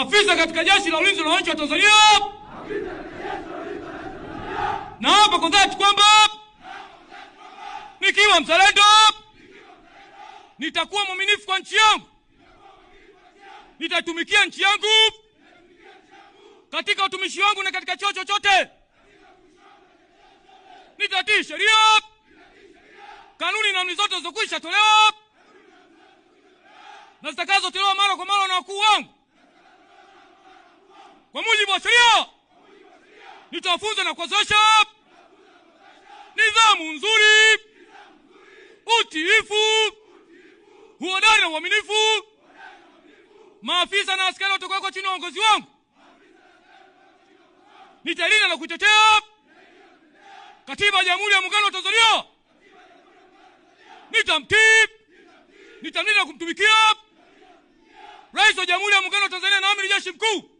afisa katika jeshi la ulinzi la wananchi wa Tanzania, naapa kwa dhati kwamba nikiwa mzalendo nitakuwa mwaminifu kwa nchi yangu, nitatumikia nchi yangu katika utumishi wangu na katika cheo chochote, nitatii sheria, kanuni na amri zote zilizokwisha tolewa na zitakazotolewa mara kwa mara na wakuu wangu kwa mujibu wa sheria nitafunza na kuwazosha nidhamu nzuri, utiifu, uhodari na uaminifu. Maafisa na askari watakaokuwa chini ya uongozi wangu nitalinda na kuitetea katiba ya Jamhuri ya Muungano wa Tanzania, nitamtii, nitamlinda na kumtumikia Rais wa Jamhuri ya Muungano wa Tanzania na Amiri Jeshi Mkuu.